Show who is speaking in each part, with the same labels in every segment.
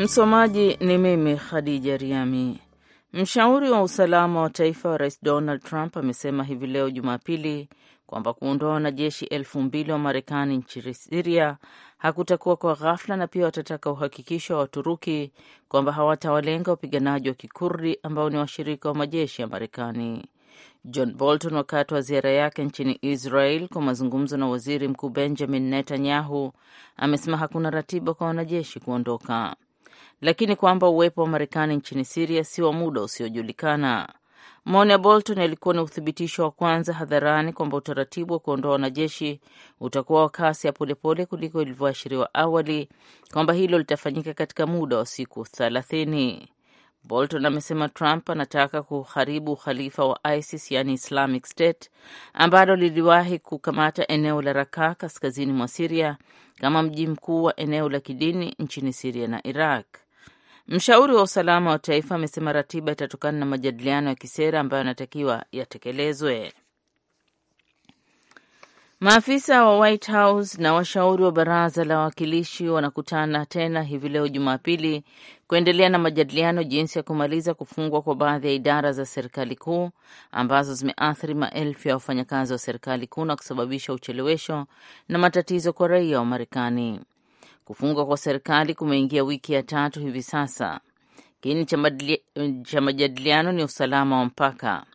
Speaker 1: Msomaji ni mimi
Speaker 2: Khadija Riami. Mshauri wa usalama wa taifa wa Rais Donald Trump amesema hivi leo Jumapili kwamba kuondoa wanajeshi elfu mbili wa Marekani nchini Siria hakutakuwa kwa ghafla, na pia watataka uhakikisho wa Waturuki kwamba hawatawalenga wapiganaji wa Kikurdi ambao ni washirika wa majeshi ya Marekani. John Bolton wakati wa ziara yake nchini Israel kwa mazungumzo na waziri mkuu Benjamin Netanyahu amesema hakuna ratiba kwa wanajeshi kuondoka lakini kwamba uwepo wa Marekani nchini Siria si wa muda usiojulikana. Maoni ya Bolton yalikuwa ni uthibitisho wa kwanza hadharani kwamba utaratibu wa kuondoa wanajeshi utakuwa wa kasi ya polepole kuliko ilivyoashiriwa awali, kwamba hilo litafanyika katika muda wa siku thelathini. Bolton amesema Trump anataka kuharibu ukhalifa wa ISIS yani Islamic State ambalo liliwahi kukamata eneo la Raka kaskazini mwa Siria kama mji mkuu wa eneo la kidini nchini Siria na Iraq. Mshauri wa usalama wa taifa amesema ratiba itatokana na majadiliano ya kisera ambayo yanatakiwa yatekelezwe. Maafisa wa White House na washauri wa baraza la wawakilishi wanakutana tena hivi leo Jumapili kuendelea na majadiliano jinsi ya kumaliza kufungwa kwa baadhi ya idara za serikali kuu ambazo zimeathiri maelfu ya wafanyakazi wa serikali kuu na kusababisha uchelewesho na matatizo kwa raia wa Marekani. Kufungwa kwa serikali kumeingia wiki ya tatu hivi sasa. Kiini cha majadiliano ni usalama wa mpaka.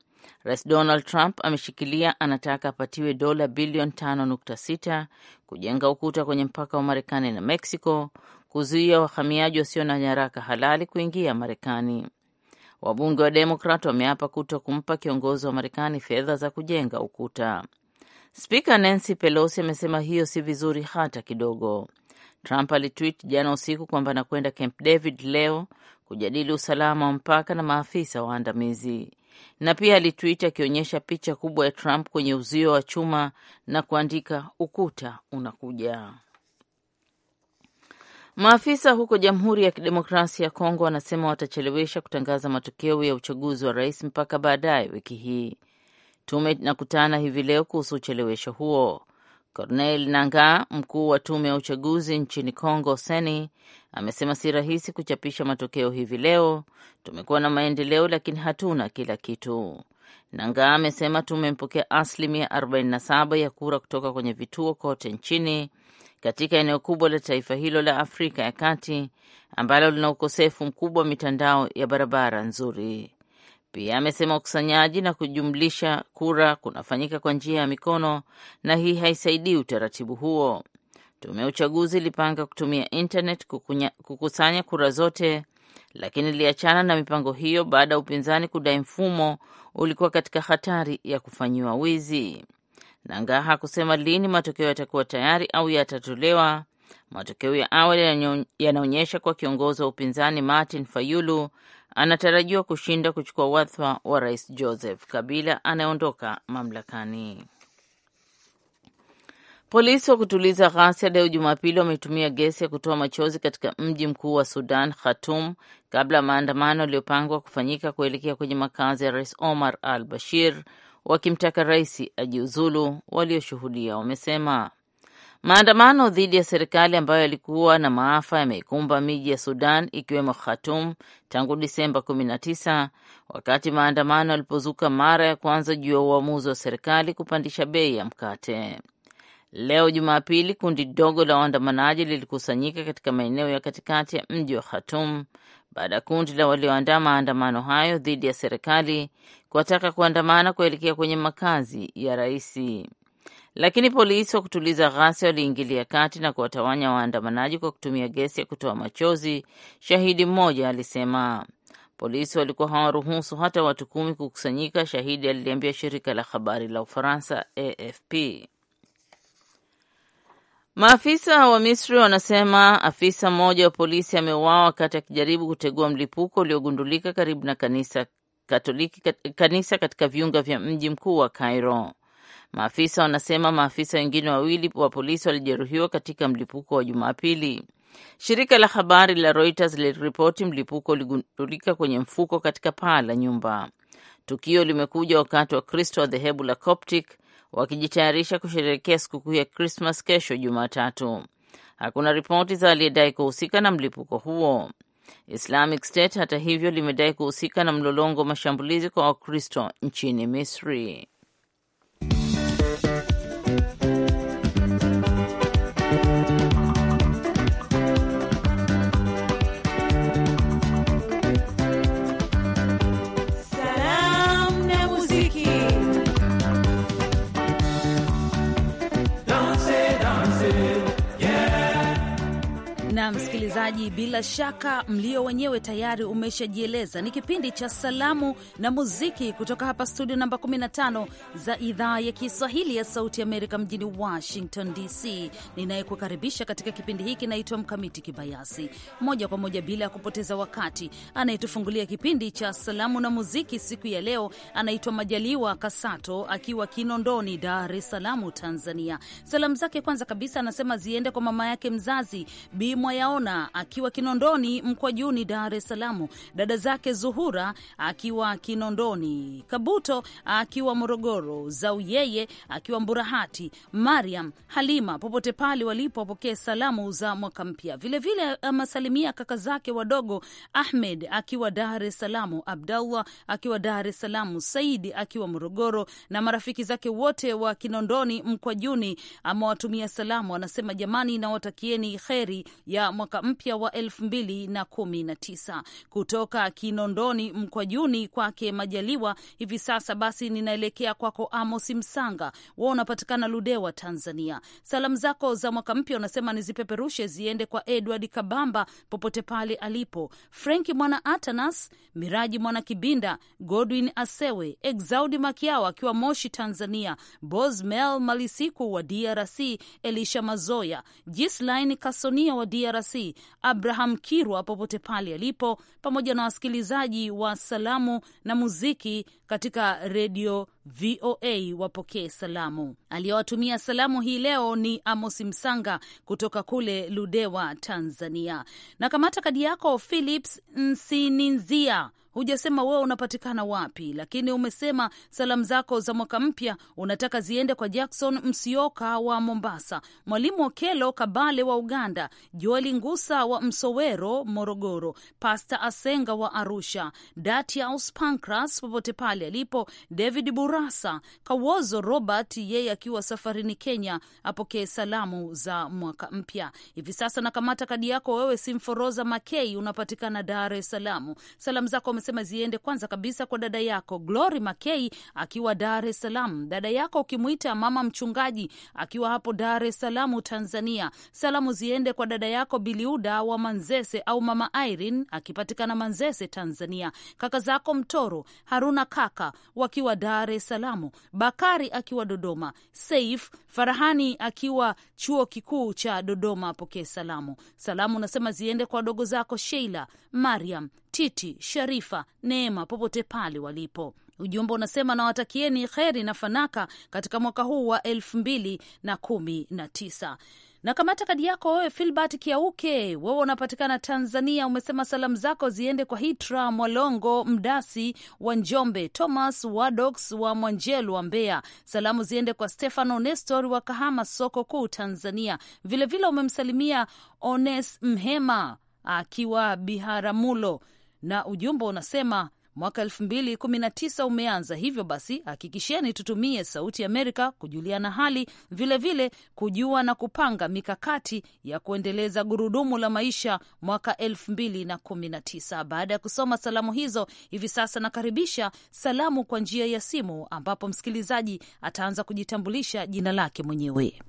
Speaker 2: Rais Donald Trump ameshikilia anataka apatiwe dola bilioni 5.6 kujenga ukuta kwenye mpaka wa Marekani na Mexico, kuzuia wahamiaji wasio na nyaraka halali kuingia Marekani. Wabunge wa Demokrat wameapa kuto kumpa kiongozi wa Marekani fedha za kujenga ukuta. Spika Nancy Pelosi amesema hiyo si vizuri hata kidogo. Trump alitwit jana usiku kwamba anakwenda Camp David leo kujadili usalama wa mpaka na maafisa waandamizi, na pia alitwit akionyesha picha kubwa ya Trump kwenye uzio wa chuma na kuandika ukuta unakuja. Maafisa huko Jamhuri ya Kidemokrasia ya Kongo wanasema watachelewesha kutangaza matokeo ya uchaguzi wa rais mpaka baadaye wiki hii. Tume inakutana hivi leo kuhusu uchelewesho huo cornel nanga mkuu wa tume ya uchaguzi nchini congo Seni, amesema si rahisi kuchapisha matokeo hivi leo. Tumekuwa na maendeleo, lakini hatuna kila kitu. nanga amesema tumempokea asilimia 47 ya kura kutoka kwenye vituo kote nchini katika eneo kubwa la taifa hilo la Afrika ya Kati ambalo lina ukosefu mkubwa wa mitandao ya barabara nzuri. Pia amesema ukusanyaji na kujumlisha kura kunafanyika kwa njia ya mikono na hii haisaidii utaratibu huo. Tume ya uchaguzi ilipanga kutumia internet kukunya, kukusanya kura zote, lakini iliachana na mipango hiyo baada ya upinzani kudai mfumo ulikuwa katika hatari ya kufanyiwa wizi. Nangaa hakusema lini matokeo yatakuwa tayari au yatatolewa. Matokeo ya awali yanaonyesha kwa kiongozi wa upinzani Martin Fayulu anatarajiwa kushinda kuchukua wadhifa wa rais Joseph Kabila anayeondoka mamlakani. Polisi wa kutuliza ghasia leo Jumapili wametumia gesi ya kutoa machozi katika mji mkuu wa Sudan, Khartoum, kabla ya maandamano yaliyopangwa kufanyika kuelekea kwenye makazi ya rais Omar al Bashir wakimtaka rais ajiuzulu. Walioshuhudia wamesema Maandamano dhidi ya serikali ambayo yalikuwa na maafa yameikumba miji ya Sudan ikiwemo Khartoum tangu Disemba 19 wakati maandamano yalipozuka mara ya kwanza juu ya uamuzi wa serikali kupandisha bei ya mkate. Leo Jumapili, kundi dogo la waandamanaji lilikusanyika katika maeneo ya katikati ya mji wa Khartoum baada ya kundi la walioandaa maandamano hayo dhidi ya serikali kuwataka kuandamana kuelekea kwenye makazi ya raisi lakini polisi wa kutuliza ghasia waliingilia kati na kuwatawanya waandamanaji kwa kutumia gesi ya kutoa machozi, shahidi mmoja alisema. Polisi walikuwa hawaruhusu hata watu kumi kukusanyika, shahidi aliliambia shirika la habari la Ufaransa AFP. Maafisa wa Misri wanasema afisa mmoja wa polisi ameuawa wakati akijaribu kutegua mlipuko uliogundulika karibu na kanisa Katoliki, kanisa katika viunga vya mji mkuu wa Cairo. Maafisa wanasema maafisa wengine wawili wa polisi walijeruhiwa katika mlipuko wa Jumapili. Shirika la habari la Reuters liliripoti mlipuko uligundulika kwenye mfuko katika paa la nyumba. Tukio limekuja wakati wa Kristo wa dhehebu la Coptic wakijitayarisha kusherehekea sikukuu ya Krismas kesho Jumatatu. Hakuna ripoti za aliyedai kuhusika na mlipuko huo. Islamic State hata hivyo limedai kuhusika na mlolongo wa mashambulizi kwa Wakristo nchini Misri.
Speaker 3: na msikilizaji, bila shaka mlio wenyewe tayari umeshajieleza. Ni kipindi cha salamu na muziki kutoka hapa studio namba 15 za idhaa ya Kiswahili ya Sauti Amerika mjini Washington DC. Ninayekukaribisha katika kipindi hiki naitwa Mkamiti Kibayasi. Moja kwa moja bila ya kupoteza wakati, anayetufungulia kipindi cha salamu na muziki siku ya leo anaitwa Majaliwa Kasato akiwa Kinondoni, Dar es Salaam, Tanzania. Salamu zake kwanza kabisa anasema ziende kwa mama yake mzazi Bimu Mwayaona akiwa Kinondoni Mkwajuni, Dar es Salaam, dada zake Zuhura akiwa Kinondoni, Kabuto akiwa Morogoro, Zau yeye akiwa Mburahati, Mariam Halima, popote pale walipo wapokee salamu za mwaka mpya. Vilevile amasalimia kaka zake wadogo Ahmed akiwa Dar es Salaam, Abdallah akiwa Dar es Salaam, Saidi akiwa Morogoro na marafiki zake wote wa Kinondoni Mkwajuni amewatumia salamu, anasema jamani, nawatakieni kheri ya mwaka mpya wa elfu mbili na kumi na tisa. Kutoka Kinondoni Mkwajuni kwake Majaliwa hivi sasa. Basi ninaelekea kwako Amos Msanga, wa unapatikana Ludewa, Tanzania. Salamu zako za mwaka mpya unasema nizipeperushe ziende kwa Edward Kabamba popote pale alipo, Frenki Mwana Atanas, Miraji Mwana Kibinda, Godwin Asewe, Exaudi Makiao akiwa Moshi, Tanzania, Bosmel Malisiku wa DRC, Elisha Mazoya, Gislain Kasonia wa DRC, DRC Abraham Kirwa popote pale alipo, pamoja na wasikilizaji wa salamu na muziki katika redio VOA wapokee salamu. Aliyowatumia salamu hii leo ni Amos Msanga kutoka kule Ludewa, Tanzania. Na kamata kadi yako Philips Nsininzia hujasema wewe unapatikana wapi, lakini umesema salamu zako za mwaka mpya unataka ziende kwa Jackson Msioka wa Mombasa, Mwalimu Okelo Kabale wa Uganda, Joeli Ngusa wa Msowero Morogoro, Pasta Asenga wa Arusha, Datiaus Pancras popote pale alipo, David Burasa Kawozo Robert, yeye akiwa safarini Kenya, apokee salamu za mwaka mpya hivi sasa. Nakamata kadi yako wewe, Simforoza Makei, unapatikana Dar es Salaam. Salamu zako anasema ziende kwanza kabisa kwa dada yako Glory Makei akiwa Dar es Salaam, dada yako ukimwita mama mchungaji akiwa hapo Dar es Salaam, Tanzania. Salamu ziende kwa dada yako Biliuda wa Manzese au mama Irene akipatikana Manzese, Tanzania, kaka zako Mtoro Haruna kaka wakiwa Dar es Salaam, Bakari akiwa Dodoma, Saif Farahani akiwa chuo kikuu cha Dodoma apokee salamu. Salamu unasema ziende kwa wadogo zako Sheila Mariam Titi, Sharifa, Neema popote pale walipo. Ujumbe unasema nawatakieni kheri na fanaka katika mwaka huu wa elfu mbili na kumi na tisa. Na kamata kadi yako wewe, Filbert Kiauke, wewe unapatikana Tanzania. Umesema salamu zako ziende kwa Hitra Mwalongo Mdasi wa Njombe, Thomas Wadox wa Mwanjelu wa Mbeya. Salamu ziende kwa Stefano Nestor wa Kahama, soko kuu Tanzania. Vilevile vile umemsalimia Ones Mhema akiwa Biharamulo na ujumbe unasema mwaka 219 umeanza, hivyo basi hakikisheni tutumie Sauti ya Amerika kujuliana hali, vilevile vile kujua na kupanga mikakati ya kuendeleza gurudumu la maisha mwaka 219 Baada ya kusoma salamu hizo, hivi sasa nakaribisha salamu kwa njia ya simu, ambapo msikilizaji ataanza kujitambulisha jina lake mwenyewe.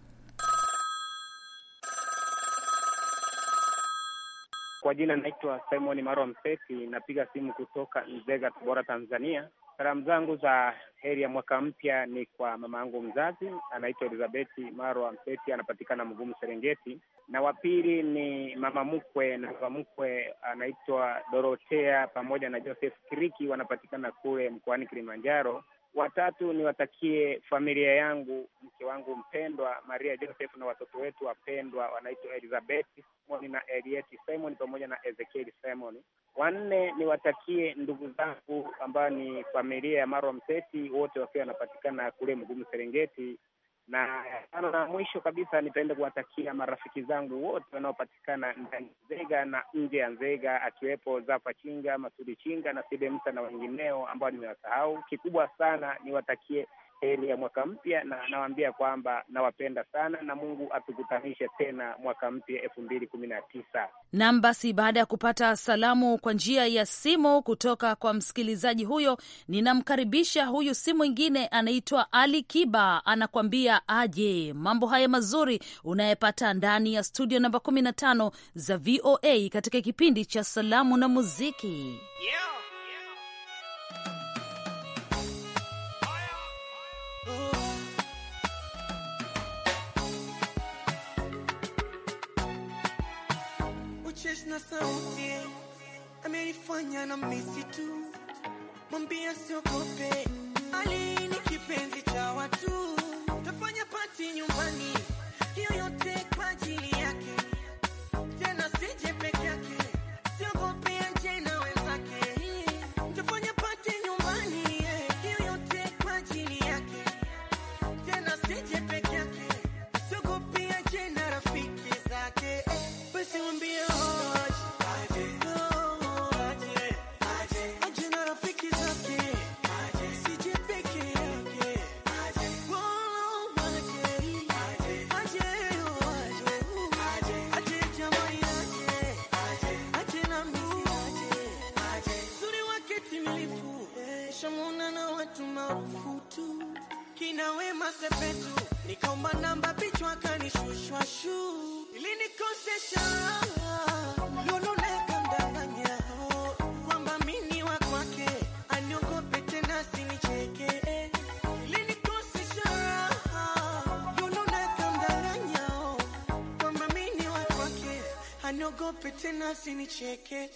Speaker 4: Kwa jina naitwa Simon Marwa Mseti, napiga simu kutoka Nzega, Tabora, Tanzania. Salamu zangu za heri ya mwaka mpya ni kwa mama yangu mzazi anaitwa Elizabeth Marwa Mseti, anapatikana Mgumu, Serengeti, na wa pili ni mama mkwe na baba mkwe anaitwa Dorotea pamoja na Joseph Kiriki, wanapatikana kule mkoani Kilimanjaro Watatu, niwatakie familia yangu, mke wangu mpendwa Maria Joseph na watoto wetu wapendwa wanaitwa Elizabeth Simon na Elieti Simon pamoja na Ezekiel Simon. Wanne, niwatakie ndugu zangu ambayo ni familia ya Marwa Mteti wote wakiwa wanapatikana kule Mgumu Serengeti na tano na mwisho kabisa, nipende kuwatakia marafiki zangu wote wanaopatikana ndani ya Nzega na nje ya Nzega, akiwepo Zafa Chinga, Masudi Chinga na Sidemsa na wengineo ambao nimewasahau. Kikubwa sana niwatakie heri ya mwaka mpya, na nawaambia kwamba nawapenda sana na Mungu atukutanishe tena mwaka mpya elfu mbili kumi na tisa.
Speaker 3: Nam, basi baada ya kupata salamu kwa njia ya simu kutoka kwa msikilizaji huyo, ninamkaribisha huyu, si mwingine anaitwa Ali Kiba, anakuambia aje mambo haya mazuri unayepata ndani ya studio namba 15 za VOA katika kipindi cha salamu na muziki yeah.
Speaker 5: na sauti, amenifanya na misi tu, mwambia siogope, Ali ni kipenzi cha watu, tafanya pati nyumbani, hiyo yote kwa ajili yake, tena sije peke niogope tena, sinicheke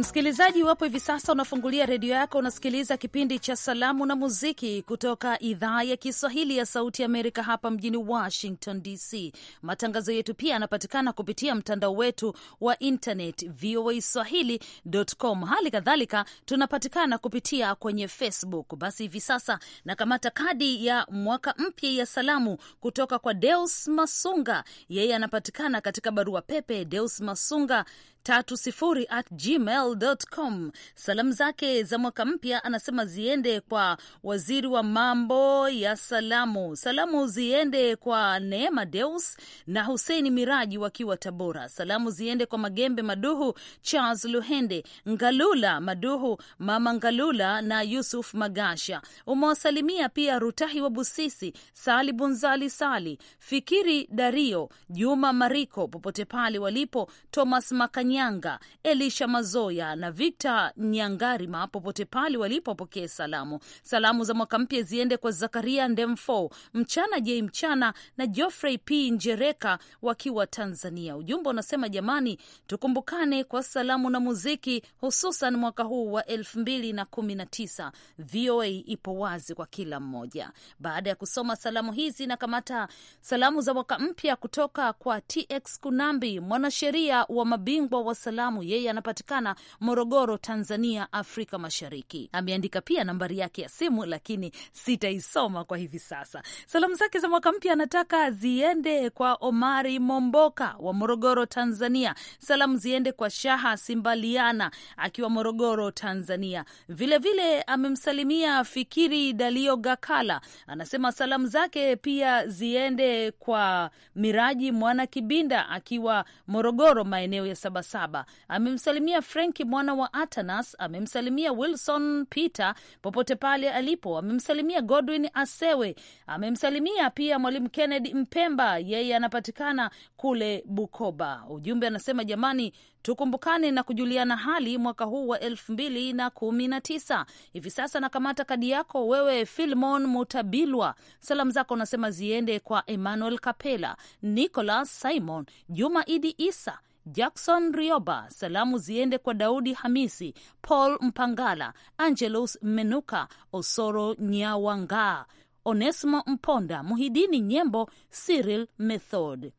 Speaker 3: Msikilizaji, iwapo hivi sasa unafungulia redio yako, unasikiliza kipindi cha Salamu na Muziki kutoka idhaa ya Kiswahili ya Sauti Amerika hapa mjini Washington DC. Matangazo yetu pia yanapatikana kupitia mtandao wetu wa internet voa swahili.com. Hali kadhalika tunapatikana kupitia kwenye Facebook. Basi hivi sasa nakamata kadi ya mwaka mpya ya salamu kutoka kwa Deus Masunga, yeye anapatikana katika barua pepe Deus Masunga 30 at gmail.com. Salamu zake za mwaka mpya anasema ziende kwa waziri wa mambo ya salamu. Salamu ziende kwa Neema Deus na Huseini Miraji wakiwa Tabora. Salamu ziende kwa Magembe Maduhu, Charles Luhende, Ngalula Maduhu, Mama Ngalula na Yusuf Magasha. Umewasalimia pia Rutahi wa Busisi, Sali Bunzali, Sali Fikiri, Dario Juma Mariko, popote pale walipo, Thomas Makanya nyanga Elisha Mazoya na Victor Nyangarima popote pale walipo, wapokee salamu. Salamu za mwaka mpya ziende kwa Zakaria Ndemfo, Mchana J Mchana na Geoffrey P Njereka wakiwa Tanzania. Ujumbe unasema jamani, tukumbukane kwa salamu na muziki, hususan mwaka huu wa elfu mbili na kumi na tisa. VOA ipo wazi kwa kila mmoja. Baada ya kusoma salamu hizi, na kamata salamu za mwaka mpya kutoka kwa TX Kunambi, mwanasheria wa mabingwa mkoa wa Salamu. Yeye anapatikana Morogoro, Tanzania, Afrika Mashariki. Ameandika pia nambari yake ya simu, lakini sitaisoma kwa hivi sasa. Salamu zake za mwaka mpya anataka ziende kwa Omari Momboka wa Morogoro, Tanzania. Salamu ziende kwa Shaha Simbaliana akiwa Morogoro, Tanzania. Vilevile vile, amemsalimia Fikiri Dalio Gakala, anasema salamu zake pia ziende kwa Miraji Mwana Kibinda akiwa Morogoro, maeneo ya Sabasaba saba. Amemsalimia Frenki mwana wa Atanas, amemsalimia Wilson Peter popote pale alipo, amemsalimia Godwin Asewe, amemsalimia pia Mwalimu Kennedy Mpemba, yeye anapatikana kule Bukoba. Ujumbe anasema jamani, tukumbukane na kujuliana hali mwaka huu wa elfu mbili na kumi na tisa. Hivi sasa nakamata kadi yako wewe, Filmon Mutabilwa. Salamu zako nasema ziende kwa Emmanuel Kapela, Nicolas Simon, Juma Idi Isa, Jackson Rioba, salamu ziende kwa Daudi Hamisi, Paul Mpangala, Angelus Menuka, Osoro Nyawanga, onesimo Mponda, Muhidini Nyembo, Cyril Method.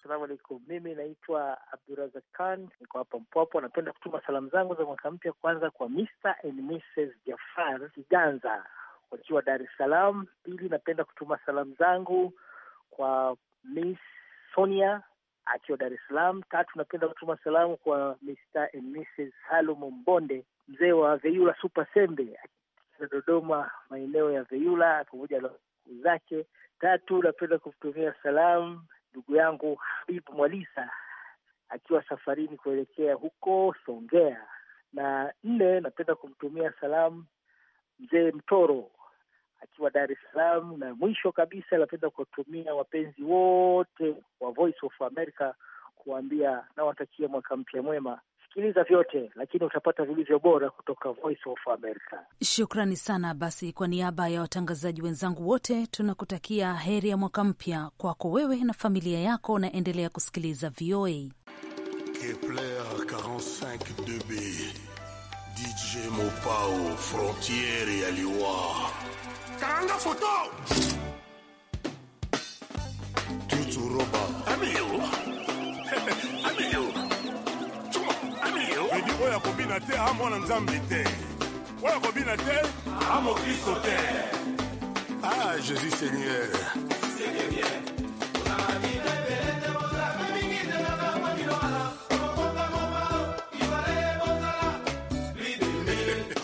Speaker 4: Asalamu alaikum, mimi naitwa Abdurazak
Speaker 6: Khan, niko hapa Mpwapo. Napenda kutuma salamu zangu za mwaka mpya kwanza kwa Mr and Mrs Jafar Kiganza wakiwa Dar es Salaam. Pili, napenda kutuma salamu zangu kwa Miss Sonia akiwa Dar es Salaam. Tatu, napenda kutuma salamu kwa Mr. and Mrs. Salomo Mbonde, mzee wa Veyula Super Sembe akiwa Dodoma, maeneo ya Veyula pamoja na zake. Tatu, napenda kumtumia salamu ndugu yangu Habibu Mwalisa akiwa safarini kuelekea huko Songea. Na nne, napenda kumtumia salamu mzee Mtoro akiwa Dar es Salaam. Na mwisho kabisa, napenda kuwatumia wapenzi wote wa Voice of America kuwaambia, nawatakia mwaka mpya mwema. Sikiliza vyote lakini utapata vilivyo bora kutoka Voice of America.
Speaker 3: Shukrani sana. Basi, kwa niaba ya watangazaji wenzangu wote tunakutakia heri ya mwaka mpya kwako wewe na familia yako, na endelea kusikiliza VOA
Speaker 7: Kepler 45b DJ Mopao frontiere Aliwa karanga photo tutu roba amiyo Tu tuma amiyo edi oyo akobina te a mwana nzambe te oyo akobina te a mokristo te ah jésus seigneur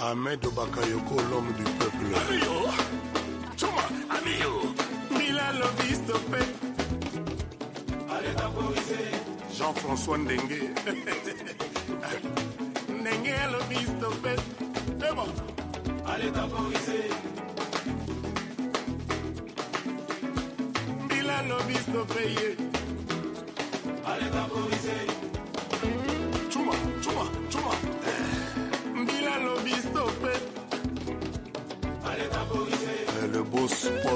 Speaker 7: Ahmed Obakayoko, l'homme du peuple. Jean-François Ndengue. Ndengue, le ministre fait. C'est bon. Allez temporiser. Bila, le ministre payé. Allez temporiser. Chuma, chuma, chuma. Bila, le ministre fait. Allez temporiser. Euh, le beau sport.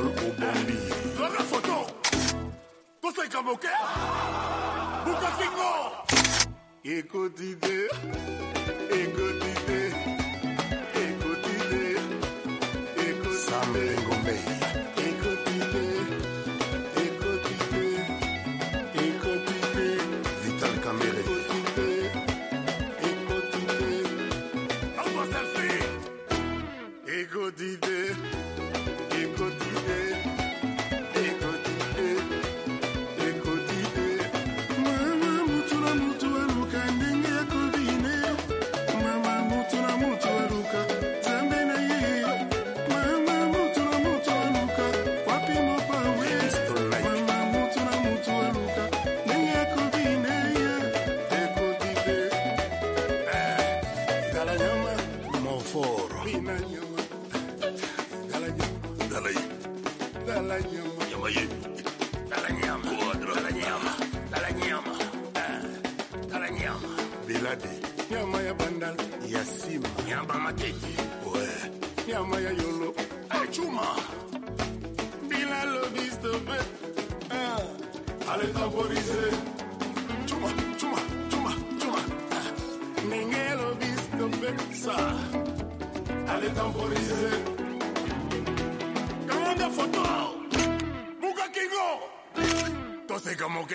Speaker 7: Écho d'idée, écho terre dans ma tête. Ouais. Yolo. Achuma. Bila eh, eh. Chuma, chuma, chuma, chuma. Eh, Buka Kingo. Tose como que.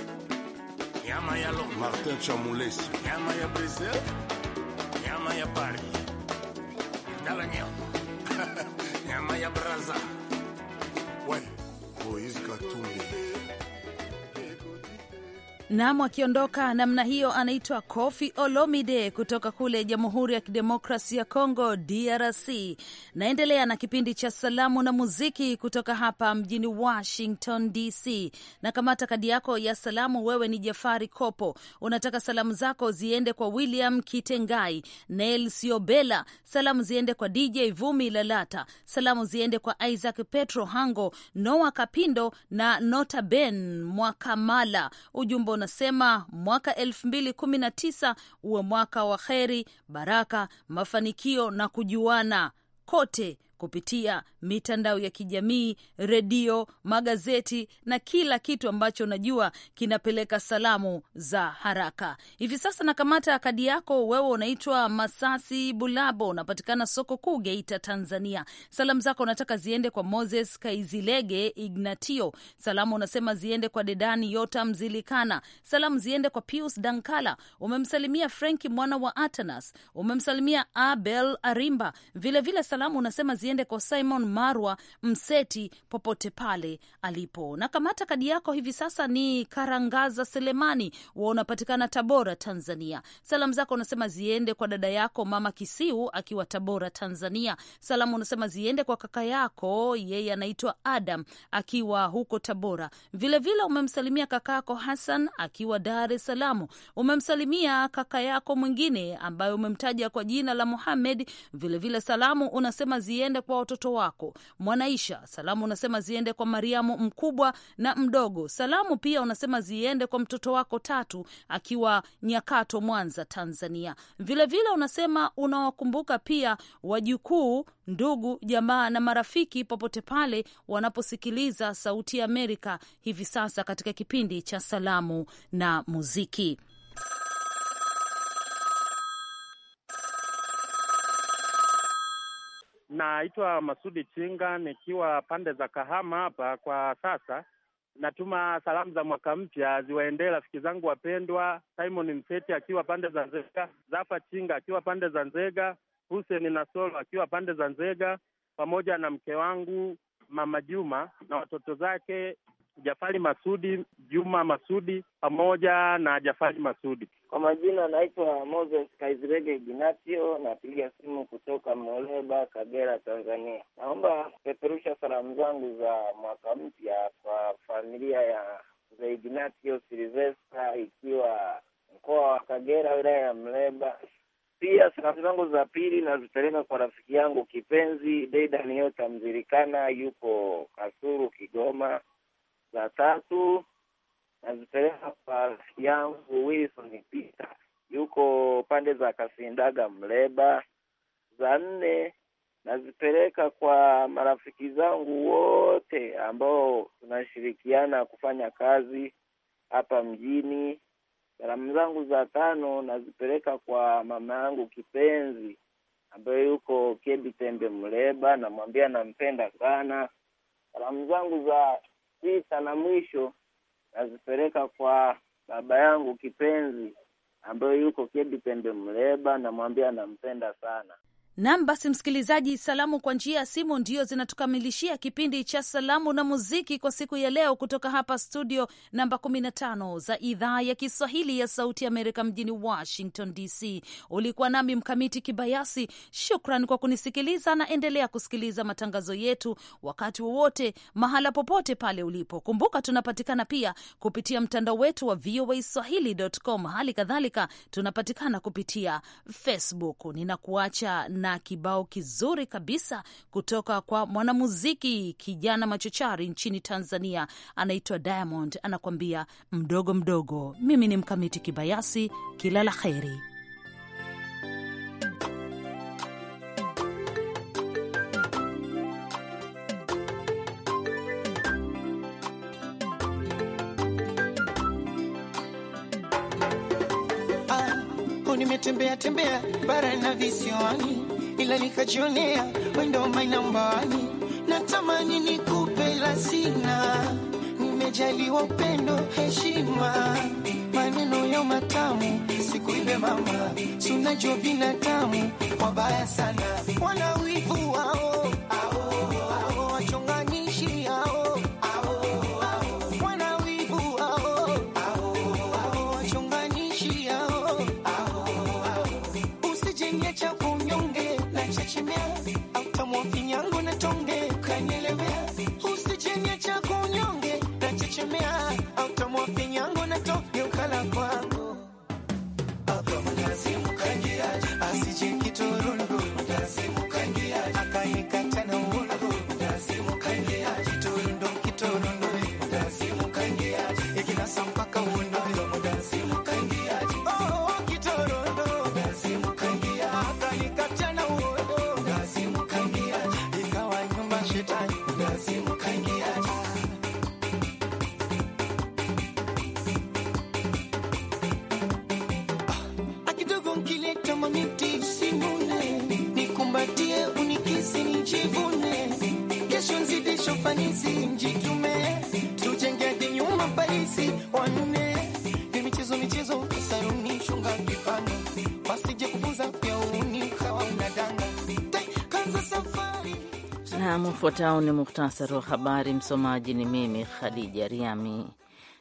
Speaker 7: Ia mai alo. Martin Ciamulesiu. Ia mai a Brazil. Ia mai a Paris. Dalanel. Well, mai he's got Luiz Gatunde.
Speaker 3: Nam akiondoka namna hiyo, anaitwa Kofi Olomide kutoka kule Jamhuri ya Kidemokrasi ya Kongo, DRC. Naendelea na kipindi cha salamu na muziki kutoka hapa mjini Washington DC. Na kamata kadi yako ya salamu, wewe ni Jafari Kopo, unataka salamu zako ziende kwa William Kitengai, Nel Siobela, salamu ziende kwa DJ Vumi Lalata, salamu ziende kwa Isaac Petro Hango, Noa Kapindo na Nota Ben Mwakamala. Ujumbe unasema mwaka 2019 uwe mwaka wa kheri, baraka, mafanikio na kujuana kote kupitia mitandao ya kijamii, redio, magazeti na kila kitu ambacho unajua kinapeleka salamu za haraka. Hivi sasa nakamata kadi yako wewe, unaitwa Masasi Bulabo, unapatikana soko kuu Geita, Tanzania. Salamu zako nataka ziende kwa Moses Kaizilege Ignatio. Salamu unasema ziende kwa Dedani Yota Mzilikana. Salamu ziende kwa Pius Dankala. Umemsalimia Frenki mwana wa Atanas. Umemsalimia Abel Arimba. Vilevile vile salamu unasema ziende ziende kwa Simon Marwa Mseti popote pale alipo. Na kamata kadi yako hivi sasa. Ni Karangaza Selemani wa unapatikana Tabora, Tanzania. Salamu zako unasema ziende kwa dada yako mama Kisiu akiwa Tabora, Tanzania. Salamu unasema ziende kwa kaka yako, yeye anaitwa Adam akiwa huko Tabora. Vilevile vile umemsalimia kaka yako Hassan akiwa Dar es Salaam. Umemsalimia kaka yako mwingine ambaye umemtaja kwa jina la Muhamed. Vilevile salamu unasema ziende ziende kwa watoto wako. Mwanaisha, salamu unasema ziende kwa Mariamu mkubwa na mdogo. Salamu pia unasema ziende kwa mtoto wako Tatu akiwa Nyakato, Mwanza, Tanzania. Vilevile vile unasema unawakumbuka pia wajukuu, ndugu, jamaa na marafiki popote pale wanaposikiliza Sauti ya Amerika hivi sasa katika kipindi cha salamu na muziki.
Speaker 4: naitwa Masudi Chinga nikiwa pande za Kahama hapa kwa sasa. Natuma salamu za mwaka mpya ziwaendee rafiki zangu wapendwa, Simon Mseti akiwa pande za Nzega, Zafa Chinga akiwa pande za Nzega, huseni Nasolo akiwa pande za Nzega, pamoja na mke wangu Mama Juma na watoto zake Jafari Masudi, Juma Masudi pamoja na Jafari Masudi. Kwa majina
Speaker 6: naitwa Moses Kaizirege Ignatio, napiga simu kutoka Muleba, Kagera, Tanzania. Naomba kupeperusha salamu zangu za mwaka mpya kwa familia ya mzee Ignatio Silvesta, ikiwa mkoa wa Kagera, wilaya ya Mleba. Pia salamu zangu za pili nazipeleka kwa rafiki yangu kipenzi Deidaniota Mzirikana, yuko Kasuru, Kigoma za tatu nazipeleka kwa rafiki yangu Wilson Peter, yuko pande za Kasindaga Mleba. Za nne nazipeleka kwa marafiki zangu wote ambao tunashirikiana kufanya kazi hapa mjini. Salamu zangu za tano nazipeleka kwa mama yangu kipenzi ambaye yuko Kebi Tembe Mleba, namwambia nampenda sana. Salamu zangu za sita na mwisho nazipeleka kwa baba yangu kipenzi ambayo yuko Kedipende Mleba, namwambia nampenda sana.
Speaker 3: Nam, basi msikilizaji, salamu kwa njia ya simu ndio zinatukamilishia kipindi cha salamu na muziki kwa siku ya leo, kutoka hapa studio namba 15 za idhaa ya Kiswahili ya Sauti Amerika mjini Washington DC. Ulikuwa nami Mkamiti Kibayasi. Shukran kwa kunisikiliza, na endelea kusikiliza matangazo yetu wakati wowote, mahala popote pale ulipo. Kumbuka tunapatikana pia kupitia mtandao wetu wa VOA Swahili.com. Hali kadhalika tunapatikana kupitia Facebook. Ninakuacha na kibao kizuri kabisa kutoka kwa mwanamuziki kijana machochari nchini Tanzania, anaitwa Diamond, anakuambia mdogo mdogo. Mimi ni Mkamiti Kibayasi, kila la heri.
Speaker 7: Ah, Nimetembea tembea bara na visiwani ila nikajionea wendo mainambani, natamani nikupe la sina, nimejaliwa upendo, heshima, maneno ya matamu, siku ile mama, sunajua binadamu wabaya sana Wana
Speaker 2: Ufuatao ni muhtasari wa habari. Msomaji ni mimi Khadija Riami.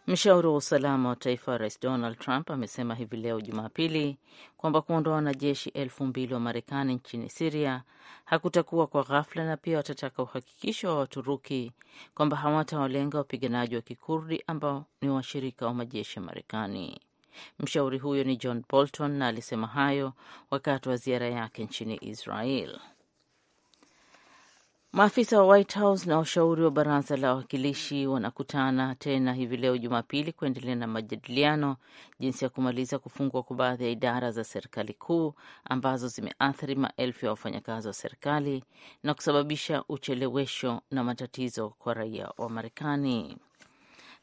Speaker 2: Mshauri wa usalama wa taifa Rais Donald Trump amesema hivi leo Jumapili kwamba kuondoa wanajeshi elfu mbili wa Marekani nchini Siria hakutakuwa kwa ghafla, na pia watataka uhakikisho wa Waturuki kwamba hawatawalenga wapiganaji wa Kikurdi ambao ni washirika wa majeshi ya Marekani. Mshauri huyo ni John Bolton na alisema hayo wakati wa ziara yake nchini Israel. Maafisa wa White House na washauri wa baraza la wawakilishi wanakutana tena hivi leo Jumapili kuendelea na majadiliano jinsi ya kumaliza kufungwa kwa baadhi ya idara za serikali kuu ambazo zimeathiri maelfu ya wafanyakazi wa serikali na kusababisha uchelewesho na matatizo kwa raia wa Marekani.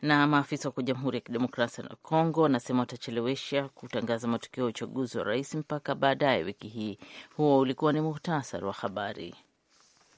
Speaker 2: Na maafisa wa Jamhuri ya Kidemokrasia ya Kongo wanasema watachelewesha kutangaza matokeo ya uchaguzi wa rais mpaka baadaye wiki hii. Huo ulikuwa ni muhtasari wa habari.